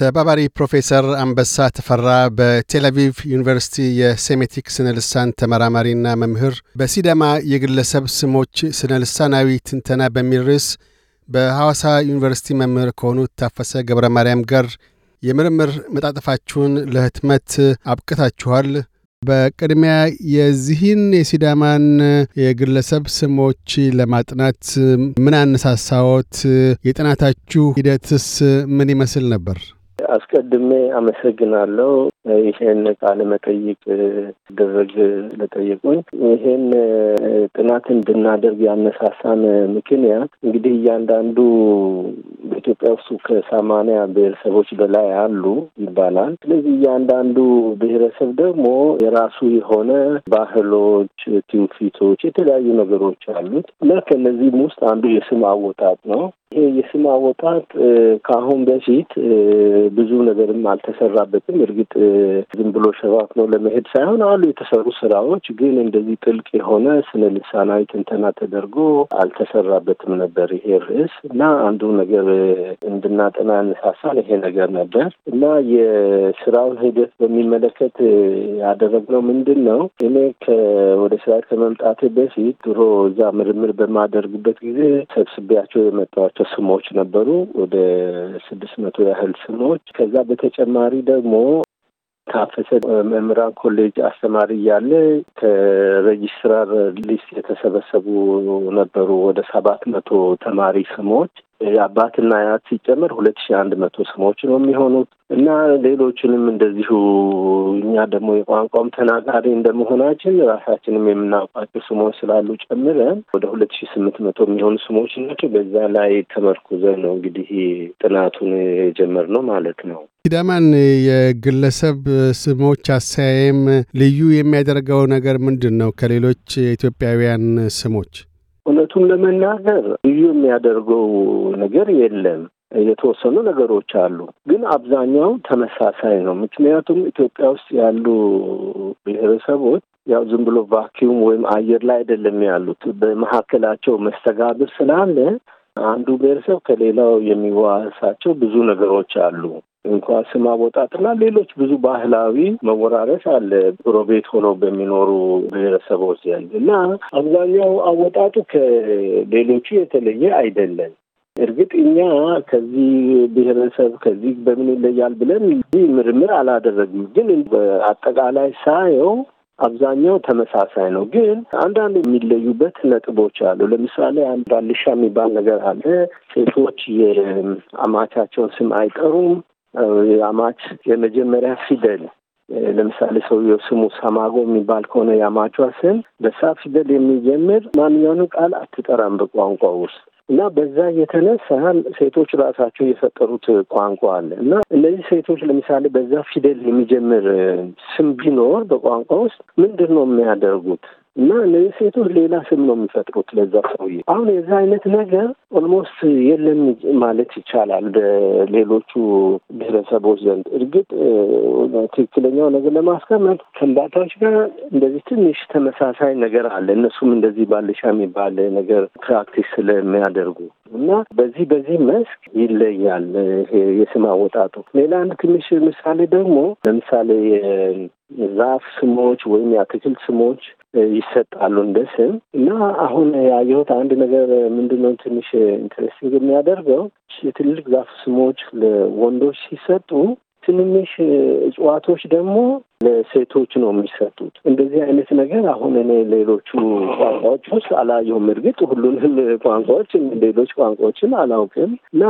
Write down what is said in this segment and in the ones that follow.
ተባባሪ ፕሮፌሰር አንበሳ ተፈራ በቴልአቪቭ ዩኒቨርሲቲ የሴሜቲክ ስነልሳን ተመራማሪና መምህር፣ በሲዳማ የግለሰብ ስሞች ስነልሳናዊ ትንተና በሚል ርዕስ በሐዋሳ ዩኒቨርሲቲ መምህር ከሆኑት ታፈሰ ገብረ ማርያም ጋር የምርምር መጣጥፋችሁን ለህትመት አብቅታችኋል። በቅድሚያ የዚህን የሲዳማን የግለሰብ ስሞች ለማጥናት ምን አነሳሳዎት? የጥናታችሁ ሂደትስ ምን ይመስል ነበር? አስቀድሜ አመሰግናለሁ። ይሄን ቃለ መጠይቅ ደረግ ለጠየቁኝ ይሄን ጥናት እንድናደርግ ያነሳሳን ምክንያት እንግዲህ እያንዳንዱ በኢትዮጵያ ውስጥ ከሰማንያ ብሔረሰቦች በላይ አሉ ይባላል። ስለዚህ እያንዳንዱ ብሔረሰብ ደግሞ የራሱ የሆነ ባህሎች፣ ትውፊቶች፣ የተለያዩ ነገሮች አሉት እና ከነዚህም ውስጥ አንዱ የስም አወጣጥ ነው። ይሄ የስም አወጣጥ ከአሁን በፊት ብዙ ነገርም አልተሰራበትም እርግጥ ዝም ብሎ ሸፋፍኖ ለመሄድ ሳይሆን አሉ የተሰሩ ስራዎች፣ ግን እንደዚህ ጥልቅ የሆነ ስነ ልሳናዊ ትንተና ተደርጎ አልተሰራበትም ነበር ይሄ ርዕስ እና አንዱ ነገር እንድናጠና ያነሳሳል ይሄ ነገር ነበር እና የስራውን ሂደት በሚመለከት ያደረግነው ምንድን ነው? እኔ ወደ ስራ ከመምጣቴ በፊት ድሮ እዛ ምርምር በማደርግበት ጊዜ ሰብስቤያቸው የመጣኋቸው ስሞች ነበሩ ወደ ስድስት መቶ ያህል ስሞች። ከዛ በተጨማሪ ደግሞ ታፈሰ መምህራን ኮሌጅ አስተማሪ እያለ ከሬጅስትራር ሊስት የተሰበሰቡ ነበሩ ወደ ሰባት መቶ ተማሪ ስሞች አባትና አያት ሲጨመር ሁለት ሺ አንድ መቶ ስሞች ነው የሚሆኑት እና ሌሎችንም እንደዚሁ እኛ ደግሞ የቋንቋም ተናጋሪ እንደመሆናችን ራሳችንም የምናውቃቸው ስሞች ስላሉ ጨምረን ወደ ሁለት ሺ ስምንት መቶ የሚሆኑ ስሞች ናቸው። በዛ ላይ ተመርኩዘን ነው እንግዲህ ጥናቱን የጀመርነው ማለት ነው። ሲዳማን የግለሰብ ስሞች አሰያየም ልዩ የሚያደርገው ነገር ምንድን ነው ከሌሎች ኢትዮጵያውያን ስሞች? እውነቱን ለመናገር ልዩ የሚያደርገው ነገር የለም። የተወሰኑ ነገሮች አሉ፣ ግን አብዛኛው ተመሳሳይ ነው። ምክንያቱም ኢትዮጵያ ውስጥ ያሉ ብሔረሰቦች ያው ዝም ብሎ ቫኪዩም ወይም አየር ላይ አይደለም ያሉት። በመካከላቸው መስተጋብር ስላለ አንዱ ብሔረሰብ ከሌላው የሚዋሳቸው ብዙ ነገሮች አሉ። እንኳ ስም አወጣጥና ሌሎች ብዙ ባህላዊ መወራረስ አለ ጎረቤት ሆኖ በሚኖሩ ብሔረሰቦች ዘንድ እና አብዛኛው አወጣጡ ከሌሎቹ የተለየ አይደለም። እርግጥ እኛ ከዚህ ብሔረሰብ ከዚህ በምን ይለያል ብለን እዚህ ምርምር አላደረግም፣ ግን በአጠቃላይ ሳየው አብዛኛው ተመሳሳይ ነው። ግን አንዳንድ የሚለዩበት ነጥቦች አሉ። ለምሳሌ አንድ ባልሻ የሚባል ነገር አለ። ሴቶች የአማቻቸውን ስም አይጠሩም። የአማች የመጀመሪያ ፊደል ለምሳሌ ሰውየው ስሙ ሰማጎ የሚባል ከሆነ የአማቿ ስም በሳ ፊደል የሚጀምር ማንኛውንም ቃል አትጠራም በቋንቋ ውስጥ እና በዛ የተነሳ ሴቶች ራሳቸው የፈጠሩት ቋንቋ አለ እና እነዚህ ሴቶች ለምሳሌ በዛ ፊደል የሚጀምር ስም ቢኖር በቋንቋ ውስጥ ምንድን ነው የሚያደርጉት? እና እነዚህ ሴቶች ሌላ ስም ነው የሚፈጥሩት ለዛ ሰውዬ። አሁን የዛ አይነት ነገር ኦልሞስት የለም ማለት ይቻላል በሌሎቹ ብሔረሰቦች ዘንድ። እርግጥ ትክክለኛው ነገር ለማስቀመጥ ከንዳታዎች ጋር እንደዚህ ትንሽ ተመሳሳይ ነገር አለ። እነሱም እንደዚህ ባልሻ የሚባል ነገር ፕራክቲስ ስለሚያደርጉ እና በዚህ በዚህ መስክ ይለያል የስም አወጣጡ። ሌላ አንድ ትንሽ ምሳሌ ደግሞ ለምሳሌ ዛፍ ስሞች ወይም የአትክልት ስሞች ይሰጣሉ እንደ ስም እና አሁን ያየሁት አንድ ነገር ምንድነው ነው ትንሽ ኢንትረስቲንግ የሚያደርገው የትልቅ ዛፍ ስሞች ለወንዶች ሲሰጡ ትንንሽ እጽዋቶች ደግሞ ለሴቶች ነው የሚሰጡት። እንደዚህ አይነት ነገር አሁን እኔ ሌሎቹ ቋንቋዎች ውስጥ አላየሁም። እርግጥ ሁሉንም ቋንቋዎች ሌሎች ቋንቋዎችን አላውቅም እና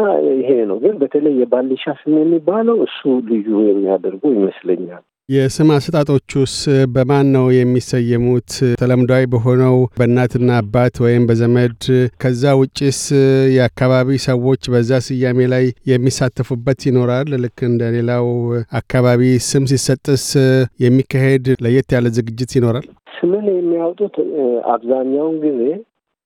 ይሄ ነው ግን በተለይ የባልሻ ስም የሚባለው እሱ ልዩ የሚያደርጉ ይመስለኛል። የስም አሰጣጦቹስ በማን ነው የሚሰየሙት? ተለምዷዊ በሆነው በእናትና አባት ወይም በዘመድ። ከዛ ውጭስ የአካባቢ ሰዎች በዛ ስያሜ ላይ የሚሳተፉበት ይኖራል? ልክ እንደ ሌላው አካባቢ ስም ሲሰጥስ የሚካሄድ ለየት ያለ ዝግጅት ይኖራል? ስምን የሚያወጡት አብዛኛውን ጊዜ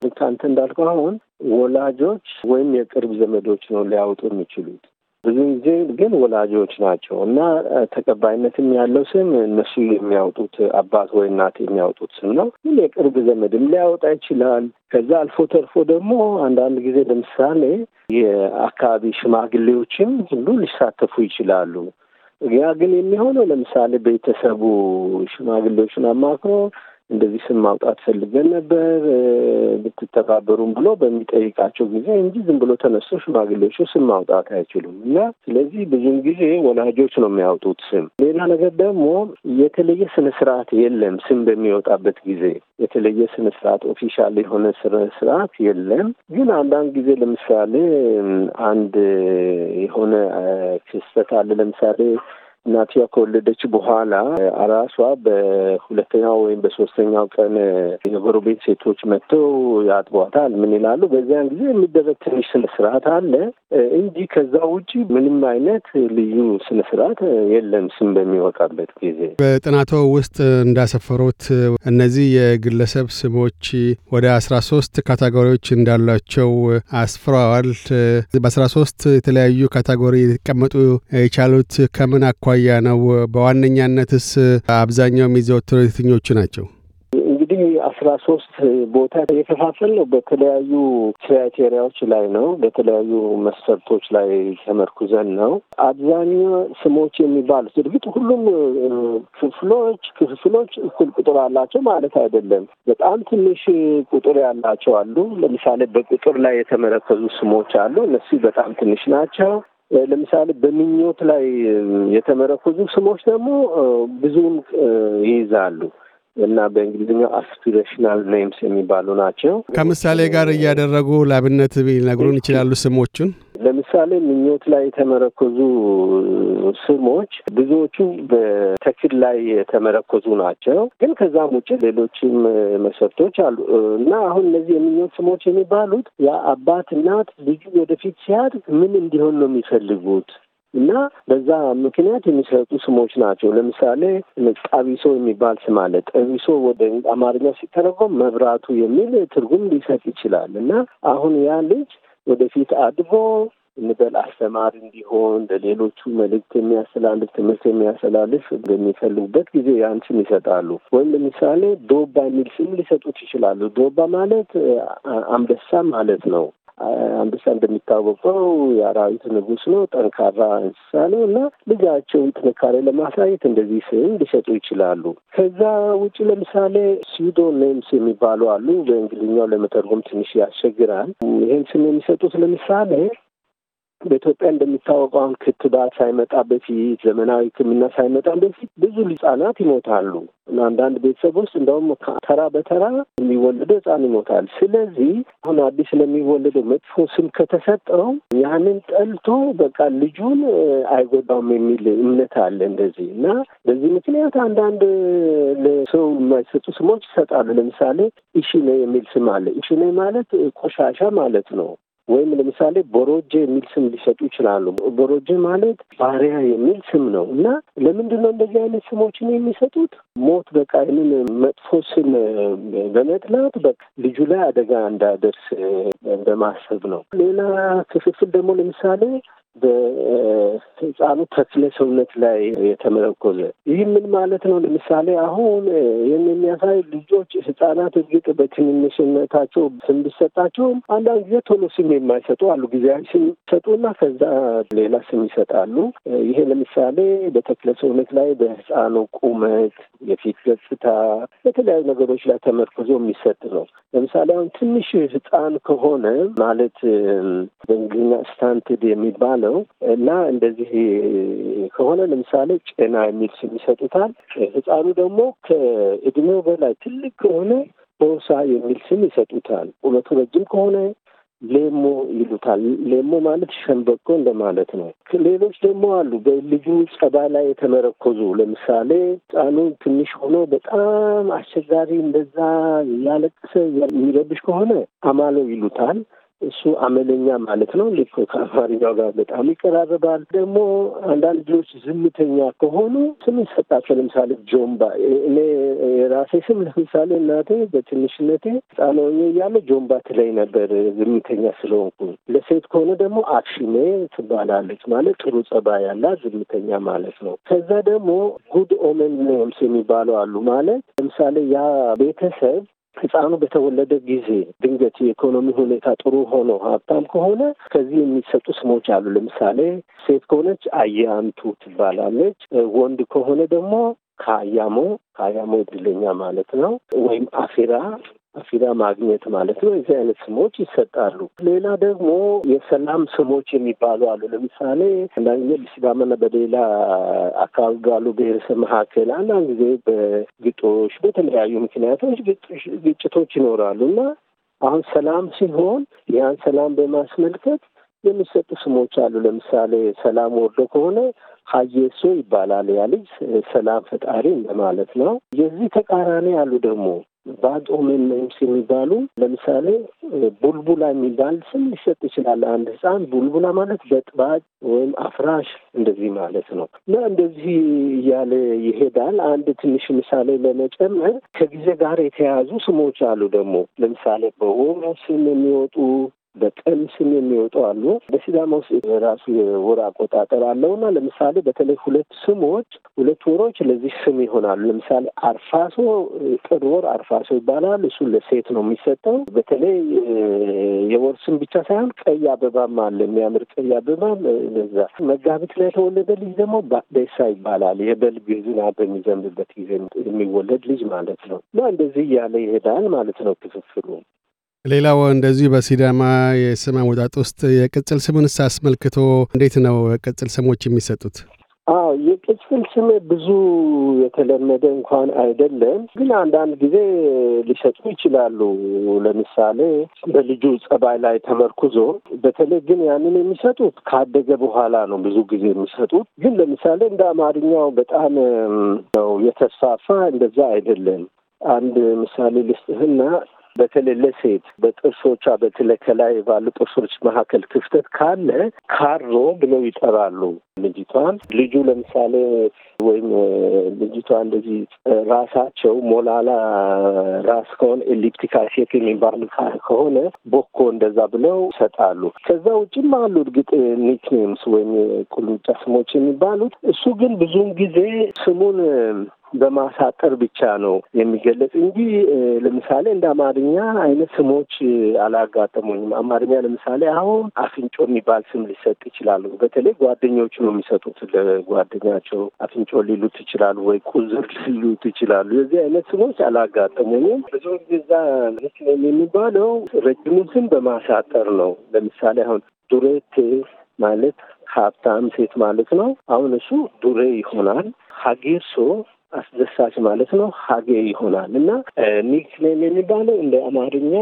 ልክ አንተ እንዳልከው አሁን ወላጆች ወይም የቅርብ ዘመዶች ነው ሊያወጡ የሚችሉት ብዙ ጊዜ ግን ወላጆች ናቸው እና ተቀባይነትም ያለው ስም እነሱ የሚያወጡት አባት ወይ እናት የሚያውጡት ስም ነው። ግን የቅርብ ዘመድም ሊያወጣ ይችላል። ከዛ አልፎ ተርፎ ደግሞ አንዳንድ ጊዜ ለምሳሌ የአካባቢ ሽማግሌዎችም ሁሉ ሊሳተፉ ይችላሉ። ያ ግን የሚሆነው ለምሳሌ ቤተሰቡ ሽማግሌዎችን አማክሮ እንደዚህ ስም ማውጣት ፈልገን ነበር ብትተባበሩም ብሎ በሚጠይቃቸው ጊዜ እንጂ ዝም ብሎ ተነስቶ ሽማግሌዎቹ ስም ማውጣት አይችሉም እና ስለዚህ ብዙም ጊዜ ወላጆች ነው የሚያወጡት ስም። ሌላ ነገር ደግሞ የተለየ ስነ ስርዓት የለም። ስም በሚወጣበት ጊዜ የተለየ ስነ ስርዓት ኦፊሻል የሆነ ስነ ስርዓት የለም። ግን አንዳንድ ጊዜ ለምሳሌ አንድ የሆነ ክስተት አለ ለምሳሌ እናትየዋ ከወለደች በኋላ አራሷ በሁለተኛው ወይም በሶስተኛው ቀን የጎረቤት ሴቶች መጥተው ያጥቧታል። ምን ይላሉ? በዚያን ጊዜ የሚደረግ ትንሽ ስነ ስርዓት አለ እንጂ ከዛ ውጭ ምንም አይነት ልዩ ስነ ስርዓት የለም። ስም በሚወጣበት ጊዜ በጥናቶ ውስጥ እንዳሰፈሩት እነዚህ የግለሰብ ስሞች ወደ አስራ ሶስት ካታጎሪዎች እንዳሏቸው አስፍረዋል። በአስራ ሶስት የተለያዩ ካታጎሪ ሊቀመጡ የቻሉት ከምን አኳ አኳያ ነው? በዋነኛነትስ አብዛኛው የሚዘወትሩ የትኞቹ ናቸው? እንግዲህ አስራ ሶስት ቦታ የከፋፈል ነው በተለያዩ ክራይቴሪያዎች ላይ ነው፣ በተለያዩ መስፈርቶች ላይ ተመርኩዘን ነው። አብዛኛው ስሞች የሚባሉት እርግጥ ሁሉም ክፍሎች ክፍሎች እኩል ቁጥር አላቸው ማለት አይደለም። በጣም ትንሽ ቁጥር ያላቸው አሉ። ለምሳሌ በቁጥር ላይ የተመረከዙ ስሞች አሉ። እነሱ በጣም ትንሽ ናቸው። ለምሳሌ በምኞት ላይ የተመረኮዙ ስሞች ደግሞ ብዙውን ይይዛሉ እና በእንግሊዝኛው አስፒሬሽናል ኔምስ የሚባሉ ናቸው። ከምሳሌ ጋር እያደረጉ ላብነት ሊነግሩን ይችላሉ ስሞቹን? ለምሳሌ ምኞት ላይ የተመረኮዙ ስሞች ብዙዎቹ በተክል ላይ የተመረኮዙ ናቸው። ግን ከዛም ውጭ ሌሎችም መሰረቶች አሉ እና አሁን እነዚህ የምኞት ስሞች የሚባሉት የአባት እናት ልጁ ወደፊት ሲያድግ ምን እንዲሆን ነው የሚፈልጉት እና በዛ ምክንያት የሚሰጡ ስሞች ናቸው። ለምሳሌ ጣቢሶ የሚባል ስም አለ። ጠቢሶ ወደ አማርኛ ሲተረጎም መብራቱ የሚል ትርጉም ሊሰጥ ይችላል እና አሁን ያ ልጅ ወደፊት አድጎ እንበል አስተማሪ እንዲሆን ለሌሎቹ መልእክት የሚያስተላልፍ ትምህርት የሚያስተላልፍ በሚፈልጉበት ጊዜ ያን ስም ይሰጣሉ። ወይም ለምሳሌ ዶባ የሚል ስም ሊሰጡት ይችላሉ። ዶባ ማለት አንበሳ ማለት ነው። አንበሳ እንደሚታወቀው የአራዊት ንጉስ ነው። ጠንካራ እንስሳ ነው እና ልጃቸውን ጥንካሬ ለማሳየት እንደዚህ ስም ሊሰጡ ይችላሉ። ከዛ ውጭ ለምሳሌ ሲዶ ኔምስ የሚባሉ አሉ። በእንግሊዝኛው ለመተርጎም ትንሽ ያስቸግራል። ይህን ስም የሚሰጡት ለምሳሌ በኢትዮጵያ እንደሚታወቀው አሁን ክትባት ሳይመጣ በፊት ዘመናዊ ሕክምና ሳይመጣ በፊት ብዙ ህጻናት ይሞታሉ አንዳንድ ቤተሰብ ውስጥ እንደውም ተራ በተራ የሚወለደው ህጻን ይሞታል። ስለዚህ አሁን አዲስ ለሚወለደው መጥፎ ስም ከተሰጠው ያንን ጠልቶ በቃ ልጁን አይጎዳውም የሚል እምነት አለ እንደዚህ እና በዚህ ምክንያት አንዳንድ ለሰው የማይሰጡ ስሞች ይሰጣሉ። ለምሳሌ ኢሽኔ የሚል ስም አለ። ኢሽኔ ማለት ቆሻሻ ማለት ነው። ወይም ለምሳሌ ቦሮጄ የሚል ስም ሊሰጡ ይችላሉ። ቦሮጄ ማለት ባሪያ የሚል ስም ነው እና ለምንድን ነው እንደዚህ አይነት ስሞችን የሚሰጡት? ሞት በቃ ይህንን መጥፎ ስም በመጥላት በቃ ልጁ ላይ አደጋ እንዳደርስ በማሰብ ነው። ሌላ ክፍፍል ደግሞ ለምሳሌ በህፃኑ ተክለ ሰውነት ላይ የተመረኮዘ ይህ ምን ማለት ነው? ለምሳሌ አሁን ይህን የሚያሳይ ልጆች ህጻናት እርግጥ በትንንሽነታቸው ስም ቢሰጣቸውም አንዳንድ ጊዜ ቶሎ ስም የማይሰጡ አሉ። ጊዜያዊ ስም ይሰጡና ከዛ ሌላ ስም ይሰጣሉ። ይሄ ለምሳሌ በተክለ ሰውነት ላይ በህፃኑ ቁመት፣ የፊት ገጽታ፣ በተለያዩ ነገሮች ላይ ተመርኮዞ የሚሰጥ ነው። ለምሳሌ አሁን ትንሽ ህፃን ከሆነ ማለት በእንግሊዝኛ ስታንትድ የሚባለው ነው እና እንደዚህ ከሆነ ለምሳሌ ጨና የሚል ስም ይሰጡታል። ህፃኑ ደግሞ ከእድሜው በላይ ትልቅ ከሆነ ቦሳ የሚል ስም ይሰጡታል። ቁመቱ ረጅም ከሆነ ሌሞ ይሉታል። ሌሞ ማለት ሸንበቆ እንደማለት ነው። ሌሎች ደግሞ አሉ በልጁ ጸባይ ላይ የተመረኮዙ ለምሳሌ ህፃኑ ትንሽ ሆኖ በጣም አስቸጋሪ እንደዛ እያለቀሰ የሚረብሽ ከሆነ አማሎ ይሉታል። እሱ አመለኛ ማለት ነው። ልክ ከአማርኛው ጋር በጣም ይቀራረባል። ደግሞ አንዳንድ ልጆች ዝምተኛ ከሆኑ ስም ይሰጣቸው። ለምሳሌ ጆምባ፣ እኔ የራሴ ስም ለምሳሌ እናቴ በትንሽነቴ ሕፃን ሆኜ እያለ ጆምባ ትለኝ ነበር ዝምተኛ ስለሆንኩ። ለሴት ከሆነ ደግሞ አክሽሜ ትባላለች። ማለት ጥሩ ጸባይ ያላት ዝምተኛ ማለት ነው። ከዛ ደግሞ ጉድ ኦመን ኔምስ የሚባሉ አሉ። ማለት ለምሳሌ ያ ቤተሰብ ህፃኑ በተወለደ ጊዜ ድንገት የኢኮኖሚ ሁኔታ ጥሩ ሆኖ ሀብታም ከሆነ ከዚህ የሚሰጡ ስሞች አሉ። ለምሳሌ ሴት ከሆነች አያንቱ ትባላለች። ወንድ ከሆነ ደግሞ ከአያሞ ከአያሞ እድለኛ ማለት ነው። ወይም አፊራ አፊዳ ማግኘት ማለት ነው። የዚህ አይነት ስሞች ይሰጣሉ። ሌላ ደግሞ የሰላም ስሞች የሚባሉ አሉ። ለምሳሌ አንዳንድ ጊዜ በሲዳማና በሌላ አካባቢ ባሉ ብሔረሰብ መካከል አንዳንድ ጊዜ በግጦሽ በተለያዩ ምክንያቶች ግጭቶች ይኖራሉ እና አሁን ሰላም ሲሆን ያን ሰላም በማስመልከት የሚሰጡ ስሞች አሉ። ለምሳሌ ሰላም ወርዶ ከሆነ ሀየሶ ይባላል። ያ ልጅ ሰላም ፈጣሪ እንደማለት ነው። የዚህ ተቃራኒ ያሉ ደግሞ ባጦም ኤምስ የሚባሉ ለምሳሌ ቡልቡላ የሚባል ስም ሊሰጥ ይችላል። አንድ ህፃን ቡልቡላ ማለት በጥባጭ ወይም አፍራሽ እንደዚህ ማለት ነው እና እንደዚህ እያለ ይሄዳል። አንድ ትንሽ ምሳሌ ለመጨመር ከጊዜ ጋር የተያያዙ ስሞች አሉ ደግሞ ለምሳሌ በኦሞ ስም የሚወጡ በቀን ስም የሚወጡ አሉ። በሲዳማ ውስጥ የራሱ የወር አቆጣጠር አለውና ለምሳሌ በተለይ ሁለት ስሞች ሁለት ወሮች ለዚህ ስም ይሆናሉ። ለምሳሌ አርፋሶ ጥር ወር አርፋሶ ይባላል። እሱ ለሴት ነው የሚሰጠው። በተለይ የወር ስም ብቻ ሳይሆን ቀይ አበባም አለ፣ የሚያምር ቀይ አበባም እዛ። መጋቢት ላይ የተወለደ ልጅ ደግሞ ባዴሳ ይባላል። የበልግ ዝናብ በሚዘንብበት ጊዜ የሚወለድ ልጅ ማለት ነው እና እንደዚህ እያለ ይሄዳል ማለት ነው ክፍፍሉ። ሌላው እንደዚሁ በሲዳማ የስም አወጣጥ ውስጥ የቅጽል ስምንስ አስመልክቶ እንዴት ነው ቅጽል ስሞች የሚሰጡት? አዎ የቅጽል ስም ብዙ የተለመደ እንኳን አይደለም፣ ግን አንዳንድ ጊዜ ሊሰጡ ይችላሉ። ለምሳሌ በልጁ ጸባይ ላይ ተመርኩዞ በተለይ ግን ያንን የሚሰጡት ካደገ በኋላ ነው ብዙ ጊዜ የሚሰጡት። ግን ለምሳሌ እንደ አማርኛው በጣም ነው የተስፋፋ እንደዛ አይደለም። አንድ ምሳሌ ልስጥህና በተለይ ለሴት በጥርሶቿ በተለይ ከላይ ባሉ ጥርሶች መካከል ክፍተት ካለ ካሮ ብለው ይጠራሉ ልጅቷን። ልጁ ለምሳሌ ወይም ልጅቷ እንደዚህ ራሳቸው ሞላላ ራስ ከሆነ ኤሊፕቲካ ሼፕ የሚባሉ ከሆነ ቦኮ እንደዛ ብለው ይሰጣሉ። ከዛ ውጭም አሉ እርግጥ ኒክኔምስ ወይም ቁልምጫ ስሞች የሚባሉት። እሱ ግን ብዙውን ጊዜ ስሙን በማሳጠር ብቻ ነው የሚገለጽ እንጂ ለምሳሌ እንደ አማርኛ አይነት ስሞች አላጋጠሙኝም። አማርኛ ለምሳሌ አሁን አፍንጮ የሚባል ስም ሊሰጥ ይችላሉ። በተለይ ጓደኞቹ ነው የሚሰጡት። ለጓደኛቸው አፍንጮ ሊሉት ይችላሉ ወይ ቁዝር ሊሉት ይችላሉ። የዚህ አይነት ስሞች አላጋጠሙኝም። ብዙ ጊዜ ምስሌም የሚባለው ረጅሙን ስም በማሳጠር ነው። ለምሳሌ አሁን ዱሬቴ ማለት ሀብታም ሴት ማለት ነው። አሁን እሱ ዱሬ ይሆናል። ሀጌርሶ አስደሳች ማለት ነው ሀጌ ይሆናል እና ኒክሌም የሚባለው እንደ አማርኛ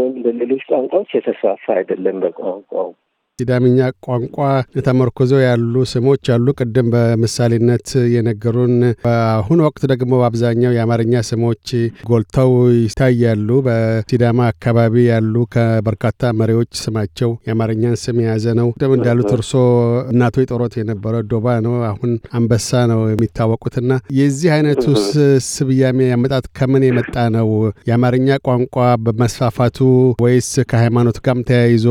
ወይም እንደ ሌሎች ቋንቋዎች የተስፋፋ አይደለም በቋንቋው ሲዳምኛ ቋንቋ ተመርኩዘው ያሉ ስሞች አሉ። ቅድም በምሳሌነት የነገሩን። በአሁን ወቅት ደግሞ በአብዛኛው የአማርኛ ስሞች ጎልተው ይታያሉ። በሲዳማ አካባቢ ያሉ ከበርካታ መሪዎች ስማቸው የአማርኛን ስም የያዘ ነው። ቅድም እንዳሉት እርሶ እናቶ ጦሮት የነበረ ዶባ ነው፣ አሁን አንበሳ ነው የሚታወቁትና የዚህ አይነቱ ስብያሜ ያመጣት ከምን የመጣ ነው? የአማርኛ ቋንቋ በመስፋፋቱ ወይስ ከሃይማኖት ጋርም ተያይዞ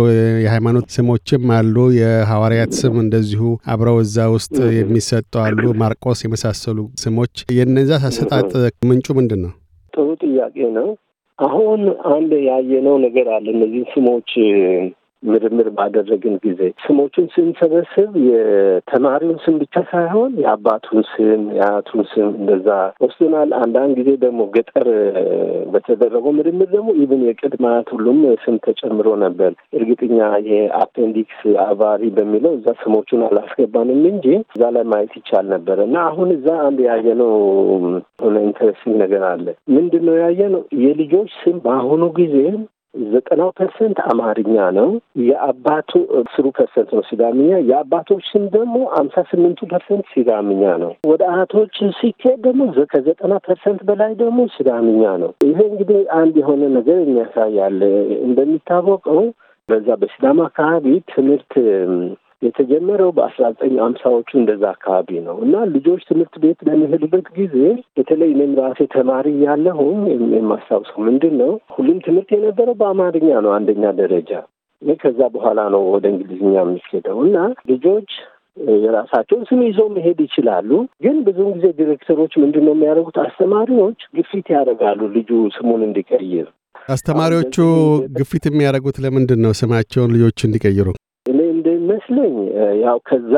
የሃይማኖት ስሞች? ሌሎችም አሉ። የሐዋርያት ስም እንደዚሁ አብረው እዛ ውስጥ የሚሰጡ አሉ። ማርቆስ የመሳሰሉ ስሞች የነዛ አሰጣጥ ምንጩ ምንድን ነው? ጥሩ ጥያቄ ነው። አሁን አንድ ያየነው ነገር አለ። እነዚህ ስሞች ምርምር ባደረግን ጊዜ ስሞቹን ስንሰበስብ የተማሪውን ስም ብቻ ሳይሆን የአባቱን ስም፣ የአያቱን ስም እንደዛ ወስደናል። አንዳንድ ጊዜ ደግሞ ገጠር በተደረገው ምርምር ደግሞ ኢብን የቅድመ አያት ሁሉም ስም ተጨምሮ ነበር። እርግጠኛ የአፔንዲክስ አባሪ በሚለው እዛ ስሞቹን አላስገባንም እንጂ እዛ ላይ ማየት ይቻል ነበር እና አሁን እዛ አንድ ያየነው ሆነ ኢንተረስቲንግ ነገር አለ። ምንድን ነው ያየነው? የልጆች ስም በአሁኑ ጊዜ ዘጠናው ፐርሰንት አማርኛ ነው። የአባቱ ስሩ ፐርሰንት ነው ሲዳምኛ። የአባቶች ደግሞ አምሳ ስምንቱ ፐርሰንት ሲዳምኛ ነው። ወደ አያቶች ሲካሄድ ደግሞ ከዘጠና ፐርሰንት በላይ ደግሞ ሲዳምኛ ነው። ይሄ እንግዲህ አንድ የሆነ ነገር የሚያሳያል። እንደሚታወቀው በዛ በሲዳማ አካባቢ ትምህርት የተጀመረው በአስራ ዘጠኝ አምሳዎቹ እንደዛ አካባቢ ነው እና ልጆች ትምህርት ቤት በሚሄዱበት ጊዜ በተለይ እኔም ራሴ ተማሪ ያለሁም የማስታውሰው ምንድን ነው ሁሉም ትምህርት የነበረው በአማርኛ ነው አንደኛ ደረጃ። ከዛ በኋላ ነው ወደ እንግሊዝኛ የሚሄደው እና ልጆች የራሳቸውን ስም ይዘው መሄድ ይችላሉ። ግን ብዙውን ጊዜ ዲሬክተሮች ምንድን ነው የሚያደርጉት? አስተማሪዎች ግፊት ያደርጋሉ ልጁ ስሙን እንዲቀይር። አስተማሪዎቹ ግፊት የሚያደርጉት ለምንድን ነው? ስማቸውን ልጆቹ እንዲቀይሩ የሚመስለኝ ያው ከዛ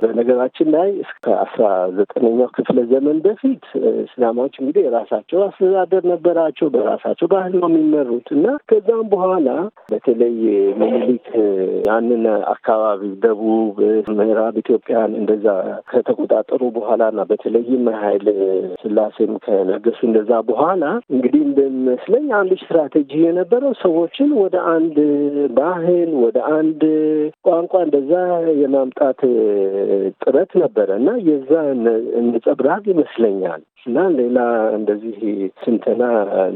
በነገራችን ላይ እስከ አስራ ዘጠነኛው ክፍለ ዘመን በፊት እስላማዎች እንግዲህ የራሳቸው አስተዳደር ነበራቸው። በራሳቸው ባህል ነው የሚመሩት እና ከዛም በኋላ በተለይ ምኒልክ ያንን አካባቢ ደቡብ፣ ምዕራብ ኢትዮጵያን እንደዛ ከተቆጣጠሩ በኋላና በተለይም ኃይለ ሥላሴም ከነገሱ እንደዛ በኋላ እንግዲህ እንደሚመስለኝ አንዱ ስትራቴጂ የነበረው ሰዎችን ወደ አንድ ባህል ወደ አንድ ቋንቋ እንደ ወደዛ የማምጣት ጥረት ነበረ እና የዛ ነጸብራቅ ይመስለኛል እና ሌላ እንደዚህ ስንተና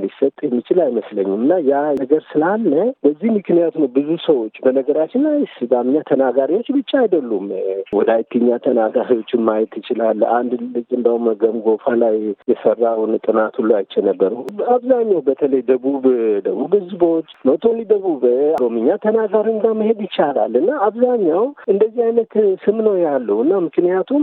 ሊሰጥ የሚችል አይመስለኝም። እና ያ ነገር ስላለ በዚህ ምክንያት ነው ብዙ ሰዎች በነገራችን ላይ ስዳምኛ ተናጋሪዎች ብቻ አይደሉም፣ ወላይትኛ ተናጋሪዎችን ማየት ይችላል። አንድ ልጅ እንደውም ገምጎፋ ላይ የሰራውን ጥናት ሁሉ አይቼ ነበሩ። አብዛኛው በተለይ ደቡብ ደቡብ ህዝቦች ኖቶኒ ደቡብ ኦሮምኛ ተናጋሪም ጋር መሄድ ይቻላል እና አብዛኛው እንደዚህ አይነት ስም ነው ያለው እና ምክንያቱም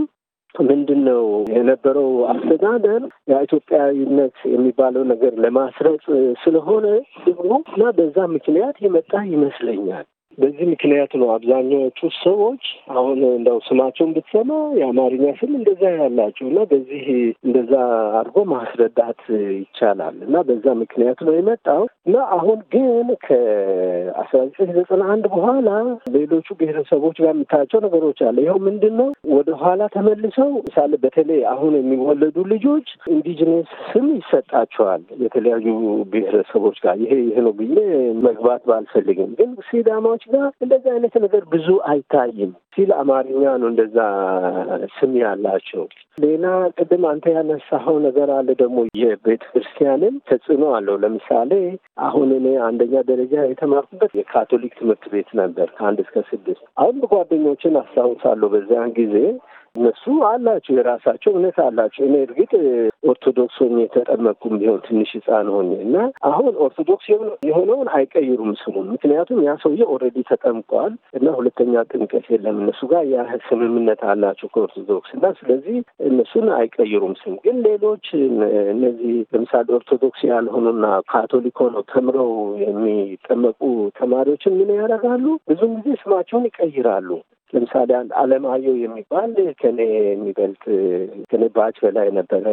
ምንድን ነው የነበረው አስተዳደር የኢትዮጵያዊነት የሚባለው ነገር ለማስረጽ ስለሆነ ደግሞ እና በዛ ምክንያት የመጣ ይመስለኛል። በዚህ ምክንያት ነው አብዛኛዎቹ ሰዎች አሁን እንደው ስማቸውን ብትሰማ የአማርኛ ስም እንደዛ ያላቸው እና በዚህ እንደዛ አድርጎ ማስረዳት ይቻላል እና በዛ ምክንያት ነው የመጣው እና አሁን ግን ከአስራ ዘጠኝ ዘጠና አንድ በኋላ ሌሎቹ ብሔረሰቦች ጋር የምታያቸው ነገሮች አለ። ይኸው ምንድን ነው ወደ ኋላ ተመልሰው ምሳሌ በተለይ አሁን የሚወለዱ ልጆች ኢንዲጂነስ ስም ይሰጣቸዋል የተለያዩ ብሔረሰቦች ጋር። ይሄ ይሄ ነው ብዬ መግባት ባልፈልግም ግን ሲዳማ ሰዎች ጋር እንደዚህ አይነት ነገር ብዙ አይታይም ሲል አማርኛ ነው እንደዛ ስም ያላቸው። ሌላ ቅድም አንተ ያነሳኸው ነገር አለ ደግሞ የቤተ ክርስቲያንም ተጽዕኖ አለው። ለምሳሌ አሁን እኔ አንደኛ ደረጃ የተማርኩበት የካቶሊክ ትምህርት ቤት ነበር ከአንድ እስከ ስድስት። አሁን ጓደኞችን አስታውሳለሁ በዚያን ጊዜ እነሱ አላቸው የራሳቸው እምነት አላቸው። እኔ እርግጥ ኦርቶዶክስ ሆኜ የተጠመኩም ቢሆን ትንሽ ህፃን ሆኜ እና አሁን ኦርቶዶክስ የሆነውን አይቀይሩም ስሙን። ምክንያቱም ያ ሰውዬ ኦልሬዲ ተጠምቋል እና ሁለተኛ ጥምቀት የለም እነሱ ጋር ያ ስምምነት አላቸው ከኦርቶዶክስ እና ስለዚህ እነሱን አይቀይሩም ስም። ግን ሌሎች እነዚህ ለምሳሌ ኦርቶዶክስ ያልሆኑና ካቶሊክ ሆነው ተምረው የሚጠመቁ ተማሪዎችን ምን ያደርጋሉ? ብዙም ጊዜ ስማቸውን ይቀይራሉ። ለምሳሌ አንድ አለማየሁ የሚባል ከኔ የሚበልጥ ከኔ ባች በላይ ነበረ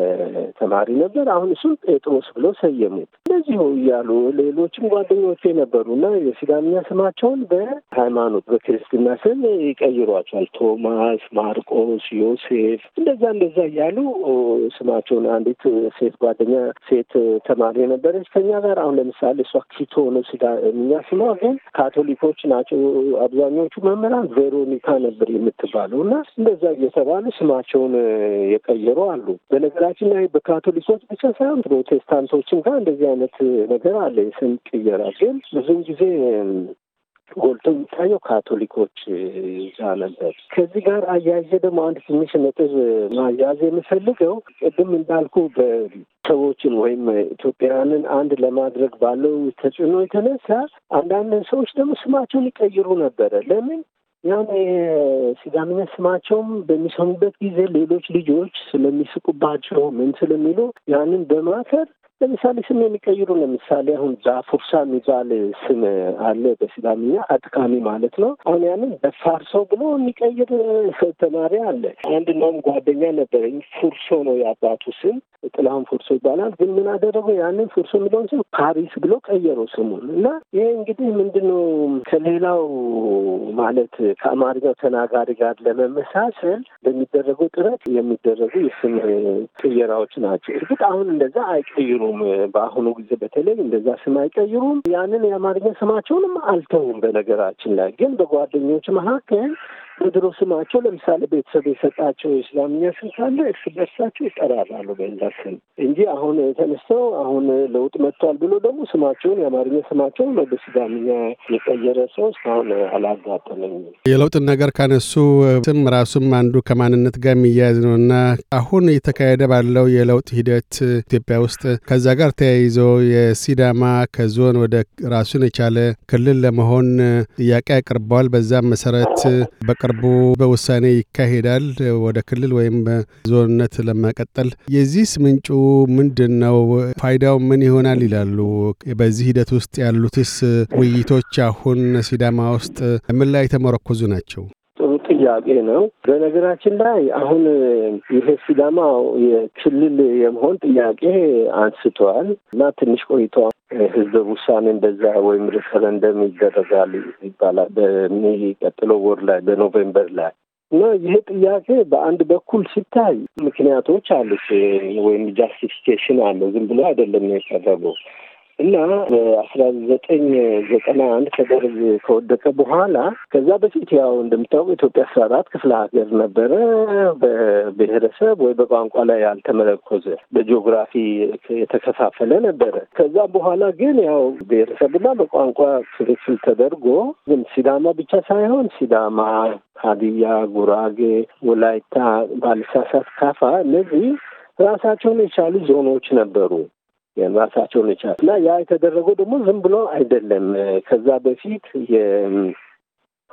ተማሪ ነበር። አሁን እሱም ጴጥሮስ ብሎ ሰየሙት። እንደዚሁ እያሉ ሌሎችም ጓደኞቼ ነበሩ እና የሲዳሚያ ስማቸውን በሃይማኖት በክርስትና ስም ይቀይሯቸዋል። ቶማስ፣ ማርቆስ፣ ዮሴፍ እንደዛ እንደዛ እያሉ ስማቸውን አንዲት ሴት ጓደኛ ሴት ተማሪ ነበረች ከኛ ጋር። አሁን ለምሳሌ እሷ ኪቶ ነው ሲዳሚያ ስማ፣ ግን ካቶሊኮች ናቸው አብዛኞቹ መምህራን ቬሮኒ ጌታ ነበር የምትባለው እና እንደዛ እየተባሉ ስማቸውን የቀየሩ አሉ። በነገራችን ላይ በካቶሊኮች ብቻ ሳይሆን ፕሮቴስታንቶችም ጋር እንደዚህ አይነት ነገር አለ። የስም ቅየራ ግን ብዙም ጊዜ ጎልቶ የሚታየው ካቶሊኮች ዛ ነበር። ከዚህ ጋር አያይዤ ደግሞ አንድ ትንሽ ነጥብ ማያያዝ የምፈልገው ቅድም እንዳልኩ በሰዎችን ወይም ኢትዮጵያውያንን አንድ ለማድረግ ባለው ተጽዕኖ የተነሳ አንዳንድ ሰዎች ደግሞ ስማቸውን ይቀይሩ ነበረ። ለምን የሆነ የስጋምኛ ስማቸውም በሚሰሙበት ጊዜ ሌሎች ልጆች ስለሚስቁባቸው ምን ስለሚሉ ያንን በማሰር ለምሳሌ ስም የሚቀይሩ ለምሳሌ አሁን ዛፉርሳ የሚባል ስም አለ በስላምኛ አጥቃሚ ማለት ነው። አሁን ያንን በፋርሶ ብሎ የሚቀይር ተማሪ አለ። አንድ እናም ጓደኛ ነበረኝ። ፉርሶ ነው የአባቱ ስም፣ ጥላሁን ፉርሶ ይባላል። ግን ምን አደረጉ? ያንን ፉርሶ የሚለውን ስም ፓሪስ ብሎ ቀየሩ ስሙን እና ይህ እንግዲህ ምንድነው ከሌላው ማለት ከአማርኛው ተናጋሪ ጋር ለመመሳሰል በሚደረገው ጥረት የሚደረጉ የስም ቅየራዎች ናቸው። እርግጥ አሁን እንደዛ አይቀይሩ አይቀይሩም። በአሁኑ ጊዜ በተለይ እንደዛ ስም አይቀይሩም። ያንን የአማርኛ ስማቸውንም አልተውም። በነገራችን ላይ ግን በጓደኞች መካከል ድሮ ስማቸው ለምሳሌ ቤተሰብ የሰጣቸው የእስላምኛ ስም ካለ እርስ በርሳቸው ይጠራራሉ በዛ ስም እንጂ አሁን ተነስተው አሁን ለውጥ መጥቷል ብሎ ደግሞ ስማቸውን የአማርኛ ስማቸውን ወደ የቀየረ ሰው እስካሁን አላጋጠመኝም። የለውጥን ነገር ካነሱ ስም ራሱም አንዱ ከማንነት ጋር የሚያያዝ ነው እና አሁን የተካሄደ ባለው የለውጥ ሂደት ኢትዮጵያ ውስጥ ከዛ ጋር ተያይዞ የሲዳማ ከዞን ወደ ራሱን የቻለ ክልል ለመሆን ጥያቄ አቅርበዋል። በዛም መሰረት በቀ በቅርቡ በውሳኔ ይካሄዳል ወደ ክልል ወይም ዞንነት ለመቀጠል። የዚህስ ምንጩ ምንድን ነው? ፋይዳው ምን ይሆናል ይላሉ። በዚህ ሂደት ውስጥ ያሉትስ ውይይቶች አሁን ሲዳማ ውስጥ ምን ላይ የተመረኮዙ ናቸው? ጥያቄ ነው። በነገራችን ላይ አሁን ይሄ ሲዳማ የክልል የመሆን ጥያቄ አንስተዋል እና ትንሽ ቆይቶ ህዝበ ውሳኔን በዛ ወይም ሪፈረንደም ይደረጋል ይባላል በሚቀጥለው ወር ላይ በኖቬምበር ላይ እና ይሄ ጥያቄ በአንድ በኩል ሲታይ ምክንያቶች አሉት ወይም ጃስቲፊኬሽን አለው። ዝም ብሎ አይደለም የቀረበው እና በአስራ ዘጠኝ ዘጠና አንድ ከደርግ ከወደቀ በኋላ ከዛ በፊት ያው እንደምታውቁ ኢትዮጵያ አስራ አራት ክፍለ ሀገር ነበረ። በብሔረሰብ ወይ በቋንቋ ላይ ያልተመረኮዘ በጂኦግራፊ የተከፋፈለ ነበረ። ከዛ በኋላ ግን ያው ብሔረሰብና በቋንቋ ክፍፍል ተደርጎ ግን ሲዳማ ብቻ ሳይሆን ሲዳማ፣ ሀዲያ፣ ጉራጌ፣ ወላይታ፣ ባልሳሳት፣ ካፋ እነዚህ ራሳቸውን የቻሉ ዞኖች ነበሩ። ራሳቸውን ይቻል እና ያ የተደረገው ደግሞ ዝም ብሎ አይደለም። ከዛ በፊት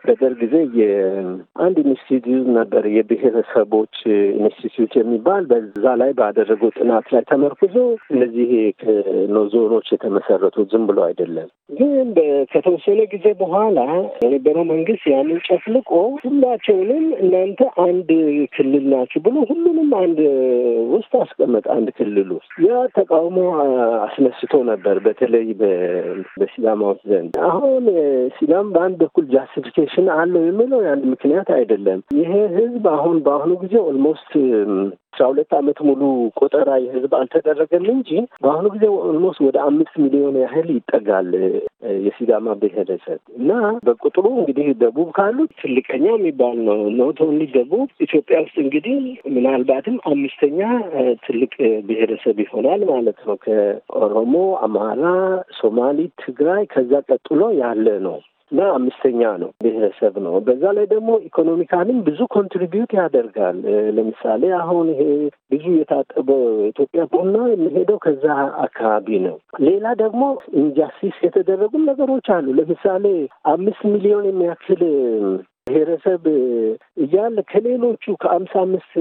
በደርግ ጊዜ የአንድ ኢንስቲትዩት ነበር፣ የብሔረሰቦች ኢንስቲትዩት የሚባል በዛ ላይ ባደረገው ጥናት ላይ ተመርኩዞ እነዚህ ዞኖች የተመሰረቱ ዝም ብሎ አይደለም። ግን ከተወሰነ ጊዜ በኋላ የነበረው መንግስት ያንን ጨፍልቆ ሁላቸውንም እናንተ አንድ ክልል ናችሁ ብሎ ሁሉንም አንድ ውስጥ አስቀመጠ፣ አንድ ክልል ውስጥ። ያ ተቃውሞ አስነስቶ ነበር፣ በተለይ በሲዳማዎች ዘንድ። አሁን ሲዳም በአንድ በኩል ጃስቲፊኬሽን አለው የሚለው የአንድ ምክንያት አይደለም። ይሄ ህዝብ አሁን በአሁኑ ጊዜ ኦልሞስት አስራ ሁለት አመት ሙሉ ቆጠራ የህዝብ አልተደረገም እንጂ በአሁኑ ጊዜ ኦልሞስት ወደ አምስት ሚሊዮን ያህል ይጠጋል የሲዳማ ብሔረሰብ እና በቁጥሩ እንግዲህ ደቡብ ካሉት ትልቀኛ የሚባል ነው። ኖት ኦንሊ ደቡብ ኢትዮጵያ ውስጥ እንግዲህ ምናልባትም አምስተኛ ትልቅ ብሔረሰብ ይሆናል ማለት ነው። ከኦሮሞ፣ አማራ፣ ሶማሊ፣ ትግራይ ከዛ ቀጥሎ ያለ ነው። እና አምስተኛ ነው ብሔረሰብ ነው። በዛ ላይ ደግሞ ኢኮኖሚካንም ብዙ ኮንትሪቢዩት ያደርጋል። ለምሳሌ አሁን ይሄ ብዙ የታጠበው ኢትዮጵያ ቡና የሚሄደው ከዛ አካባቢ ነው። ሌላ ደግሞ ኢንጃስቲስ የተደረጉም ነገሮች አሉ። ለምሳሌ አምስት ሚሊዮን የሚያክል ብሔረሰብ እያለ ከሌሎቹ ከአምሳ አምስት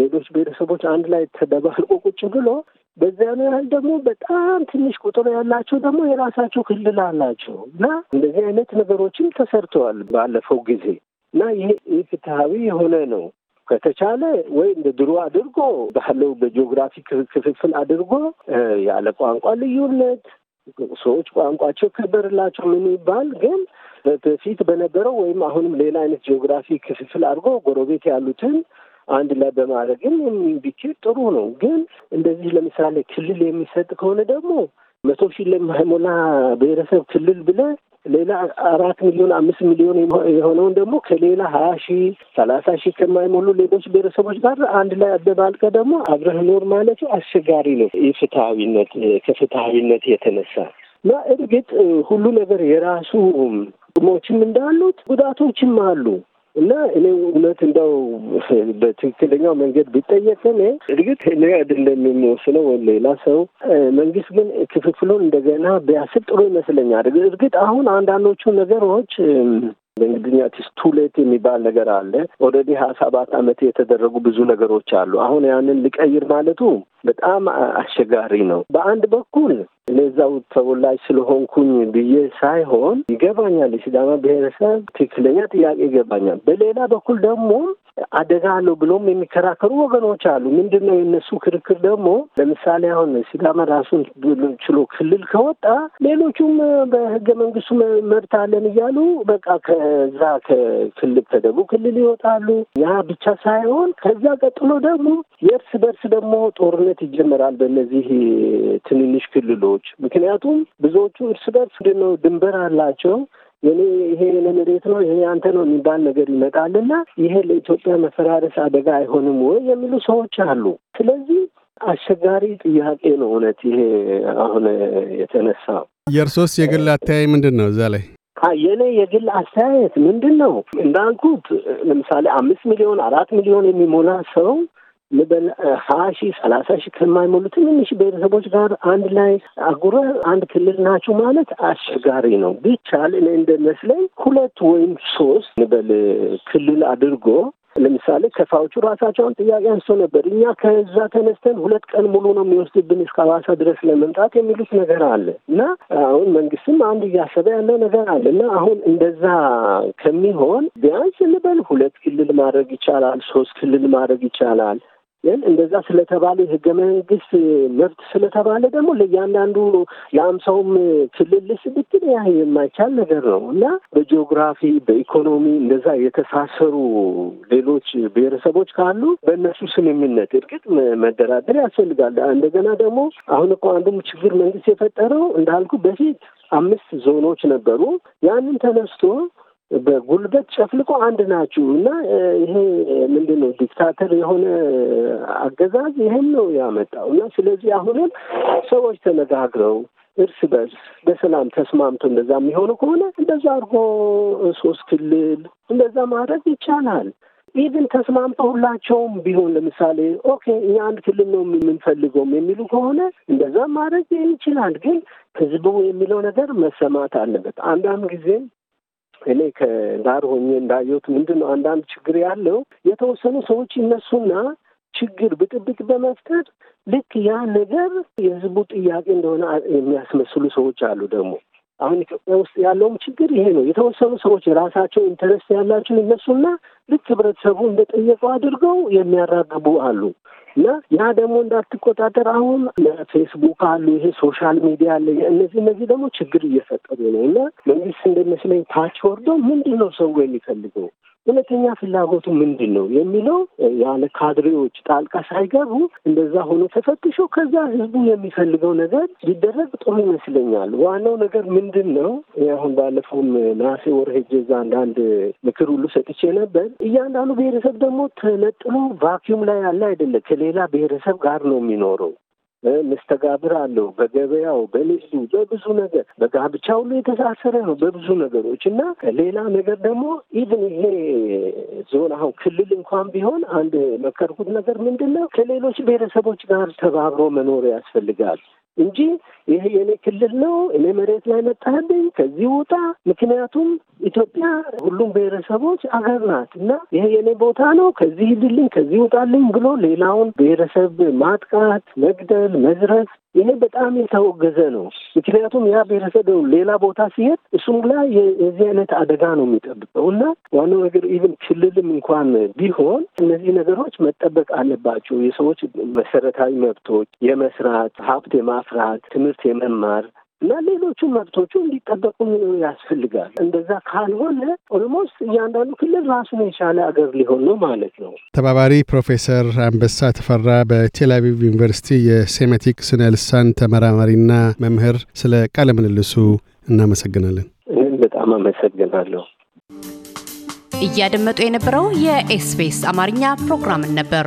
ሌሎች ብሔረሰቦች አንድ ላይ ተደባልቆ ቁጭ ብሎ በዚያኑ ያህል ደግሞ በጣም ትንሽ ቁጥር ያላቸው ደግሞ የራሳቸው ክልል አላቸው እና እንደዚህ አይነት ነገሮችም ተሰርተዋል ባለፈው ጊዜ እና ይሄ ፍትሀዊ የሆነ ነው። ከተቻለ ወይ እንደ ድሮ አድርጎ ባለው በጂኦግራፊ ክፍፍል አድርጎ ያለ ቋንቋ ልዩነት ሰዎች ቋንቋቸው ከበርላቸው ምን ይባል ግን በፊት በነበረው ወይም አሁንም ሌላ አይነት ጂኦግራፊ ክፍፍል አድርጎ ጎረቤት ያሉትን አንድ ላይ በማድረግም ቢችል ጥሩ ነው። ግን እንደዚህ ለምሳሌ ክልል የሚሰጥ ከሆነ ደግሞ መቶ ሺህ ለማይሞላ ብሔረሰብ ክልል ብለህ ሌላ አራት ሚሊዮን አምስት ሚሊዮን የሆነውን ደግሞ ከሌላ ሀያ ሺህ ሰላሳ ሺህ ከማይሞሉ ሌሎች ብሔረሰቦች ጋር አንድ ላይ አደባልቀ ደግሞ አብረህ ኖር ማለቱ አስቸጋሪ ነው። የፍትሀዊነት ከፍትሀዊነት የተነሳ እና እርግጥ ሁሉ ነገር የራሱ ጥቅሞችም እንዳሉት ጉዳቶችም አሉ። እና እኔ እውነት እንደው በትክክለኛው መንገድ ቢጠየቅ እኔ እርግጥ እኔ አይደለም የሚወስነው ወይ ሌላ ሰው። መንግስት ግን ክፍፍሉን እንደገና ቢያስብ ጥሩ ይመስለኛል። እርግጥ አሁን አንዳንዶቹ ነገሮች በእንግሊዝኛ ቲስ ቱሌት የሚባል ነገር አለ። ኦልሬዲ ሀያ ሰባት አመት የተደረጉ ብዙ ነገሮች አሉ። አሁን ያንን ልቀይር ማለቱ በጣም አስቸጋሪ ነው። በአንድ በኩል እኔዛው ተወላጅ ስለሆንኩኝ ብዬ ሳይሆን ይገባኛል፣ የሲዳማ ብሔረሰብ ትክክለኛ ጥያቄ ይገባኛል። በሌላ በኩል ደግሞ አደጋ አለው ብሎም የሚከራከሩ ወገኖች አሉ። ምንድን ነው የእነሱ ክርክር ደግሞ ለምሳሌ አሁን ሲዳማ ራሱን ችሎ ክልል ከወጣ ሌሎቹም በህገ መንግስቱ መብት አለን እያሉ በቃ ከዛ ከክልል ከደቡብ ክልል ይወጣሉ። ያ ብቻ ሳይሆን ከዛ ቀጥሎ ደግሞ የእርስ በርስ ደግሞ ጦርነት ይጀመራል በእነዚህ ትንንሽ ክልሎች። ምክንያቱም ብዙዎቹ እርስ በርስ ድንበር አላቸው የኔ ይሄ የኔ መሬት ነው ይሄ አንተ ነው የሚባል ነገር ይመጣልና ይሄ ለኢትዮጵያ መፈራረስ አደጋ አይሆንም ወይ የሚሉ ሰዎች አሉ። ስለዚህ አስቸጋሪ ጥያቄ ነው እውነት ይሄ አሁን የተነሳው። የእርሶስ የግል አተያይ ምንድን ነው እዛ ላይ? የኔ የግል አስተያየት ምንድን ነው እንዳልኩት፣ ለምሳሌ አምስት ሚሊዮን አራት ሚሊዮን የሚሞላ ሰው ልበል ሀያ ሺህ ሰላሳ ሺህ ከማይሞሉ ትንንሽ ብሔረሰቦች ጋር አንድ ላይ አጉረ አንድ ክልል ናቸው ማለት አስቸጋሪ ነው። ቢቻል እኔ እንደመስለኝ ሁለት ወይም ሶስት ንበል ክልል አድርጎ ለምሳሌ ከፋዎቹ ራሳቸውን ጥያቄ አንስቶ ነበር። እኛ ከዛ ተነስተን ሁለት ቀን ሙሉ ነው የሚወስድብን እስከ ሐዋሳ ድረስ ለመምጣት የሚሉት ነገር አለ እና አሁን መንግስትም አንድ እያሰበ ያለው ነገር አለ እና አሁን እንደዛ ከሚሆን ቢያንስ ልበል ሁለት ክልል ማድረግ ይቻላል፣ ሶስት ክልል ማድረግ ይቻላል። ግን እንደዛ ስለተባለ ህገ መንግስት መብት ስለተባለ ደግሞ ለእያንዳንዱ ለአምሳውም ክልል ብትል ያ የማይቻል ነገር ነው እና በጂኦግራፊ በኢኮኖሚ እንደዛ የተሳሰሩ ሌሎች ብሔረሰቦች ካሉ በእነሱ ስምምነት እርግጥ መደራደር ያስፈልጋል። እንደገና ደግሞ አሁን እኮ አንዱም ችግር መንግስት የፈጠረው እንዳልኩ በፊት አምስት ዞኖች ነበሩ። ያንን ተነስቶ በጉልበት ጨፍልቆ አንድ ናችሁ እና ይሄ ምንድን ነው ዲክታተር የሆነ አገዛዝ ይሄን ነው ያመጣው። እና ስለዚህ አሁንም ሰዎች ተነጋግረው እርስ በርስ በሰላም ተስማምቶ እንደዛ የሚሆኑ ከሆነ እንደዛ አድርጎ ሶስት ክልል እንደዛ ማድረግ ይቻላል። ኢቭን ተስማምቶ ሁላቸውም ቢሆን ለምሳሌ ኦኬ እኛ አንድ ክልል ነው የምንፈልገውም የሚሉ ከሆነ እንደዛ ማድረግ ይችላል። ግን ህዝቡ የሚለው ነገር መሰማት አለበት። አንዳንድ ጊዜም እኔ ከዳር ሆኜ እንዳየሁት ምንድን ነው አንዳንድ ችግር ያለው የተወሰኑ ሰዎች ይነሱና ችግር ብጥብጥ በመፍጠር ልክ ያ ነገር የህዝቡ ጥያቄ እንደሆነ የሚያስመስሉ ሰዎች አሉ ደግሞ አሁን ኢትዮጵያ ውስጥ ያለውም ችግር ይሄ ነው። የተወሰኑ ሰዎች የራሳቸው ኢንተረስት ያላቸው ይነሱና ልክ ህብረተሰቡ እንደጠየቀው አድርገው የሚያራግቡ አሉ እና ያ ደግሞ እንዳትቆጣጠር አሁን ፌስቡክ አሉ፣ ይሄ ሶሻል ሚዲያ አለ። እነዚህ እነዚህ ደግሞ ችግር እየፈጠሩ ነው እና መንግስት እንደሚመስለኝ ታች ወርዶ ምንድን ነው ሰው የሚፈልገው እውነተኛ ፍላጎቱ ምንድን ነው የሚለው ያለ ካድሬዎች ጣልቃ ሳይገቡ እንደዛ ሆኖ ተፈትሾ ከዛ ህዝቡ የሚፈልገው ነገር ሊደረግ ጥሩ ይመስለኛል። ዋናው ነገር ምንድን ነው? አሁን ባለፈውም ነሐሴ ወር ሄጄ እዛ አንዳንድ ምክር ሁሉ ሰጥቼ ነበር። እያንዳንዱ ብሔረሰብ ደግሞ ተነጥሎ ቫኪዩም ላይ ያለ አይደለም። ከሌላ ብሔረሰብ ጋር ነው የሚኖረው። መስተጋብር አለው። በገበያው፣ በንግዱ፣ በብዙ ነገር በጋብቻ ሁሉ የተሳሰረ ነው በብዙ ነገሮች እና ሌላ ነገር ደግሞ ኢቭን ይሄ ዞን አሁን ክልል እንኳን ቢሆን አንድ የመከርኩት ነገር ምንድን ነው ከሌሎች ብሔረሰቦች ጋር ተባብሮ መኖር ያስፈልጋል እንጂ ይሄ የኔ ክልል ነው፣ እኔ መሬት ላይ መጣህብኝ፣ ከዚህ ውጣ። ምክንያቱም ኢትዮጵያ ሁሉም ብሔረሰቦች አገር ናት እና ይሄ የኔ ቦታ ነው፣ ከዚህ ሂድልኝ፣ ከዚህ ውጣልኝ ብሎ ሌላውን ብሔረሰብ ማጥቃት፣ መግደል መግደል፣ መዝረፍ ይሄ በጣም የተወገዘ ነው። ምክንያቱም ያ ብሔረሰብ ሌላ ቦታ ሲሄድ እሱም ላይ የዚህ አይነት አደጋ ነው የሚጠብቀው እና ዋናው ነገር ኢቭን ክልልም እንኳን ቢሆን እነዚህ ነገሮች መጠበቅ አለባቸው። የሰዎች መሰረታዊ መብቶች የመስራት ሀብት የማፍራት ትምህርት የመማር እና ሌሎቹ መብቶቹ እንዲጠበቁ ያስፈልጋል። እንደዛ ካልሆነ ኦልሞስት እያንዳንዱ ክልል ራሱን የቻለ አገር ሊሆን ነው ማለት ነው። ተባባሪ ፕሮፌሰር አንበሳ ተፈራ በቴል ዩኒቨርሲቲ የሴሜቲክ ስነ ልሳን ተመራማሪና መምህር፣ ስለ ቃለ ምልልሱ እናመሰግናለን። እኔም በጣም አመሰግናለሁ። እያደመጡ የነበረው የኤስቢኤስ አማርኛ ፕሮግራምን ነበር።